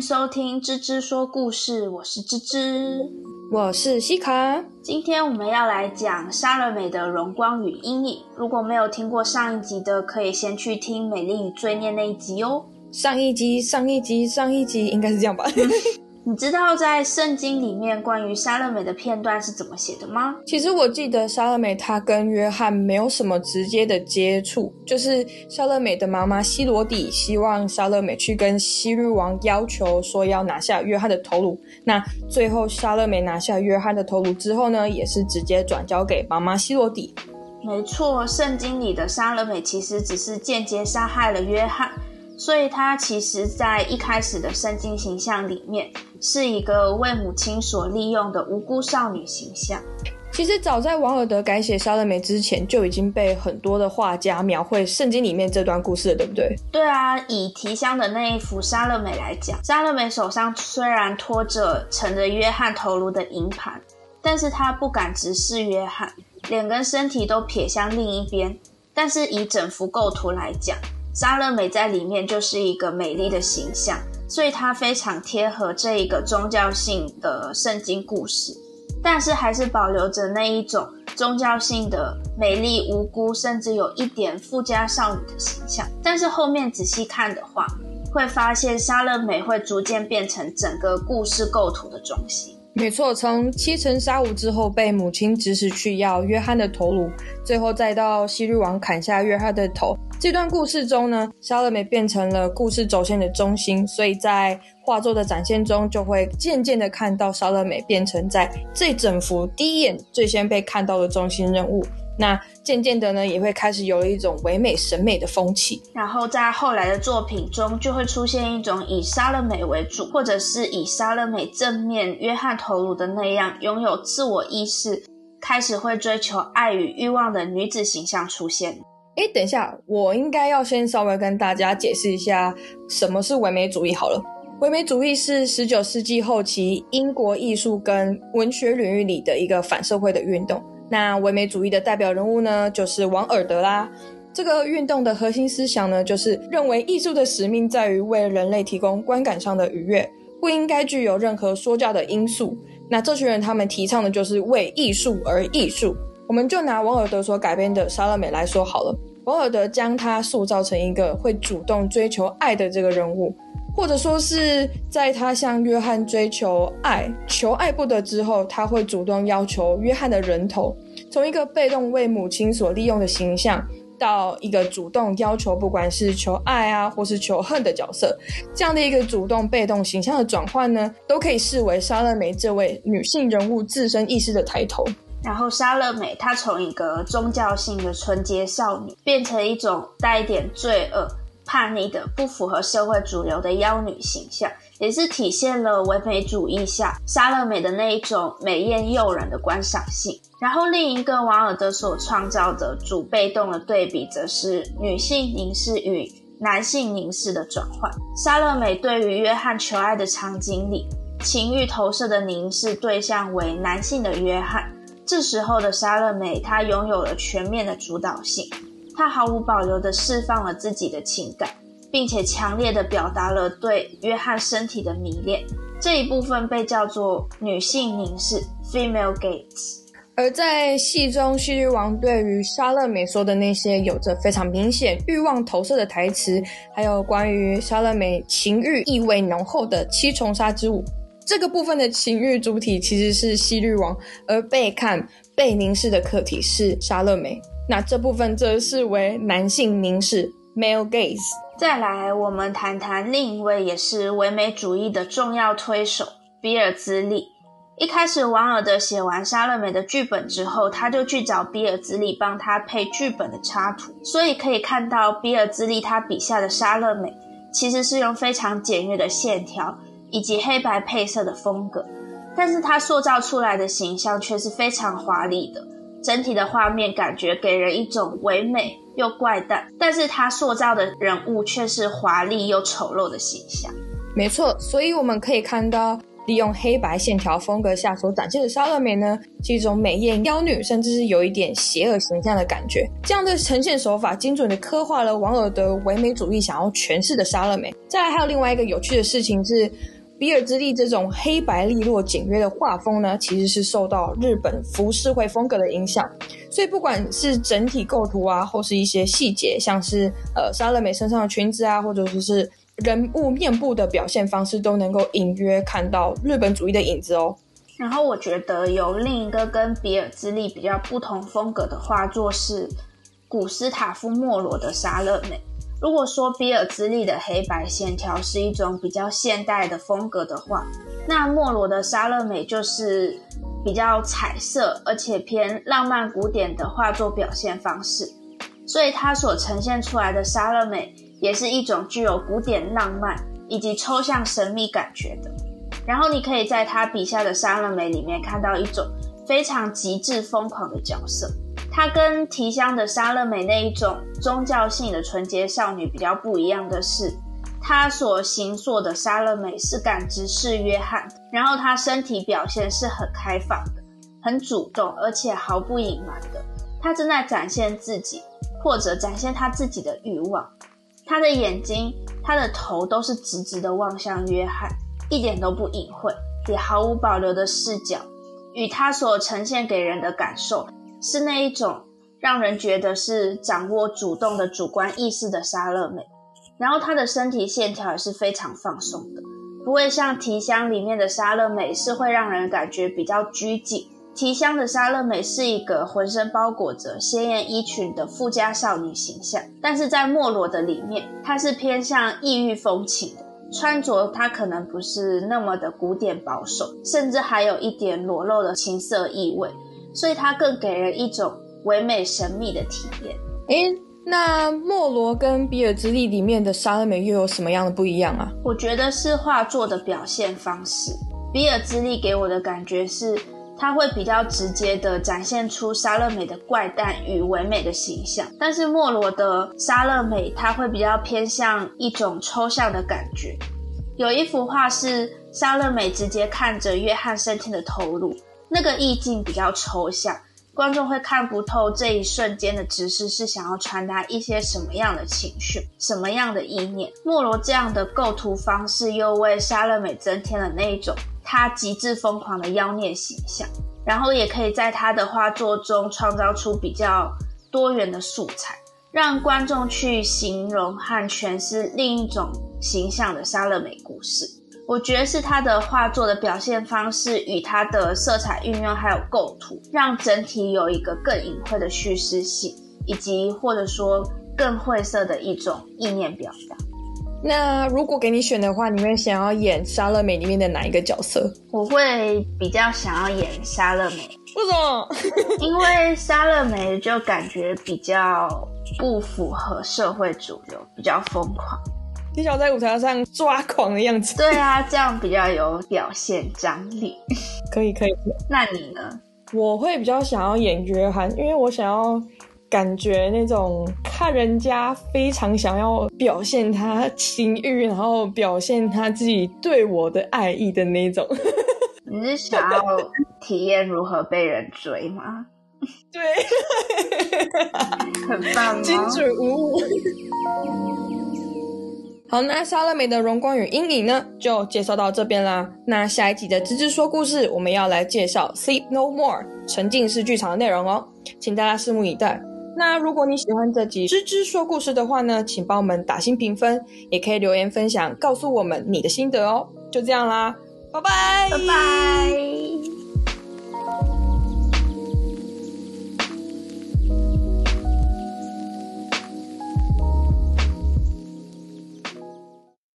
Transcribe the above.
收聽吱吱說故事，我是吱吱，我是西卡。今天我們要來講莎樂美的榮光與陰影。如果沒有聽過上一集的，可以先去聽《美麗與罪孽》那一集哦。上一集，上一集，上一集，應該是這樣吧。 你知道在聖經裡面關於莎樂美的片段是怎麼寫的嗎？其實我記得莎樂美她跟約翰沒有什麼直接的接觸，就是莎樂美的媽媽希羅底希望莎樂美去跟希律王要求說要拿下約翰的頭顱。那最後莎樂美拿下約翰的頭顱之後呢，也是直接轉交給媽媽希羅底。沒錯，聖經裡的莎樂美其實只是間接殺害了約翰。所以，他其實在一開始的聖經形象裡面，是一個為母親所利用的無辜少女形象。其實，早在王爾德改寫莎樂美之前，就已經被很多的畫家描繪聖經裡面這段故事了，對不對？對啊，以提香的那一幅莎樂美來講，莎樂美手上雖然托著盛着約翰頭顱的銀盤，但是她不敢直視約翰，臉跟身體都撇向另一邊。但是以整幅構圖來講，莎樂美在裡面就是一個美麗的形象，所以它非常貼合這一個宗教性的聖經故事，但是還是保留着那一種宗教性的美麗、無辜，甚至有一點富家少女的形象。但是後面仔細看的話，會發現莎樂美會逐漸變成整個故事構圖的中心。沒錯，從七層紗舞之後被母親指使，去要約翰的頭顱，最後再到希律王砍下約翰的頭，這段故事中呢，莎樂美變成了故事軸線的中心，所以在畫作的展現中，就會漸漸的看到莎樂美變成在這整幅第一眼最先被看到的中心人物。那漸漸的呢，也會開始有了一種唯美審美的風氣，然後在後來的作品中，就會出現一種以莎樂美為主，或者是以莎樂美正面約翰頭顱的那樣擁有自我意識，開始會追求愛與慾望的女子形象出現。誒，等一下，我應該要先稍微跟大家解釋一下什麼是唯美主義好了。唯美主義是十九世紀後期英國藝術跟文學領域裡的一個反社會的運動。那唯美主義的代表人物呢，就是王爾德啦。這個運動的核心思想呢，就是認為藝術的使命在於為人類提供觀感上的愉悅，不應該具有任何說教的因素。那這群人他們提倡的就是為藝術而藝術。我們就拿王爾德所改編的《莎樂美》來說好了，王爾德將她塑造成一個會主動追求愛的這個人物。或者說是在他向約翰追求愛、求愛不得之後，他會主動要求約翰的人頭。從一個被動為母親所利用的形象，到一個主動要求，不管是求愛啊，或是求恨的角色，這樣的一個主動被動形象的轉換呢，都可以視為莎樂美這位女性人物自身意識的抬頭。然後，莎樂美她從一個宗教性的純潔少女，變成一種帶一點罪惡。叛逆的、不符合社會主流的妖女形象，也是體現了唯美主義下莎樂美的那一種美豔誘人的觀賞性。然後，另一個王爾德所創造的主被動的對比，則是女性凝視與男性凝視的轉換。莎樂美對於約翰求愛的場景裡，情慾投射的凝視對象為男性的約翰，這時候的莎樂美，她擁有了全面的主導性。他毫無保留地釋放了自己的情感，並且強烈地表達了對約翰身體的迷戀。這一部分被叫做女性凝視 （female gaze）。而在戲中，希律王對於莎樂美說的那些有着非常明顯欲望投射的台詞，還有關於莎樂美情欲意味濃厚的七重紗之舞，這個部分的情欲主體其實是希律王，而被看、被凝視的客體是莎樂美。那這部分則視為男性凝視 （male gaze）。再來，我們談談另一位也是唯美主義的重要推手——比爾茲利。一開始，王爾德寫完《莎樂美》的劇本之後，他就去找比爾茲利幫他配劇本的插圖。所以可以看到，比爾茲利他筆下的莎樂美其實是用非常簡約的線條以及黑白配色的風格，但是他塑造出來的形象卻是非常華麗的。整體的畫面感覺給人一種唯美又怪誕，但是它塑造的人物卻是華麗又醜陋的形象。沒錯，所以我們可以看到，利用黑白線條風格下所展現的莎樂美呢，是一種美豔妖女，甚至是有一點邪惡形象的感覺。這樣的呈現手法，精準地刻畫了王爾德的唯美主義想要詮釋的莎樂美。再來，還有另外一個有趣的事情是。比爾茲利這種黑白利落、簡約的畫風呢，其實是受到日本浮世繪風格的影響。所以不管是整體構圖啊，或是一些細節，像是呃莎樂美身上的裙子啊，或者說是人物面部的表現方式，都能夠隱約看到日本主義的影子哦。然後我覺得有另一個跟比爾茲利比較不同風格的畫作是古斯塔夫莫羅的莎樂美。如果說比爾茲利的黑白線條是一種比較現代的風格的話，那莫羅的莎樂美就是比較彩色，而且偏浪漫古典的畫作表現方式。所以，他所呈現出來的莎樂美，也是一種具有古典浪漫以及抽象神秘感覺的。然後，你可以在他筆下的莎樂美裡面看到一種非常極致瘋狂的角色。他跟提香的莎樂美那一種宗教性的純潔少女比較不一樣的是，他所形塑的莎樂美是敢直視約翰，然後他身體表現是很開放的，很主動，而且毫不隱瞞的。他正在展現自己，或者展現他自己的欲望。他的眼睛，他的頭都是直直的望向約翰，一點都不隱晦，也毫無保留的視角，與他所呈現給人的感受。是那一種讓人覺得是掌握主動的主觀意識的莎樂美，然後她的身體線條也是非常放鬆的，不會像提香裡面的莎樂美是會讓人感覺比較拘謹。提香的莎樂美是一個渾身包裹着鮮艷衣裙的富家少女形象，但是在莫羅的裡面，她是偏向異域風情的，穿着她可能不是那麼的古典保守，甚至還有一點裸露的情色意味。所以它更給人一種唯美神秘的體驗。哎、欸，那莫羅跟比爾茲利裡面的莎樂美又有什麼樣的不一樣啊？我覺得是畫作的表現方式。比爾茲利給我的感覺是，他會比較直接的展現出莎樂美的怪誕與唯美的形象，但是莫羅的莎樂美，他會比較偏向一種抽象的感覺。有一幅畫是莎樂美直接看着約翰生前的頭顱。那個意境比較抽象，觀眾會看不透這一瞬間的直視是想要傳達一些什麼樣的情緒、什麼樣的意念。莫羅這樣的構圖方式又為莎樂美增添了那一種他極致瘋狂的妖孽形象，然後也可以在他的畫作中創造出比較多元的素材，讓觀眾去形容和詮釋另一種形象的莎樂美故事。我覺得是他的畫作的表現方式與他的色彩運用，還有構圖，讓整體有一個更隱晦的敘事性，以及或者說更晦澀的一種意念表達。那如果給你選的話，你會想要演《莎樂美》裡面的哪一個角色？我會比較想要演莎樂美，為什麼？ 因為莎樂美就感覺比較不符合社會主流，比較瘋狂。你想在舞台上抓狂的樣子？對啊，這樣比較有表現張力。 可以，可以。那你呢？我會比較想要演約翰，因為我想要感覺那種看人家非常想要表現他情慾，然後表現他自己對我的愛意的那種。 你是想要體驗如何被人追嗎？ 對， 很棒哦，精準無誤。 好，那莎樂美的榮光與陰影呢，就介紹到這邊啦。那下一集的吱吱說故事，我們要來介紹《Sleep No More》沉浸式劇場的內容哦，請大家拭目以待。那如果你喜歡這集吱吱說故事的話呢，請幫我們打星評分，也可以留言分享，告訴我們你的心得哦。就這樣啦，拜拜，拜拜。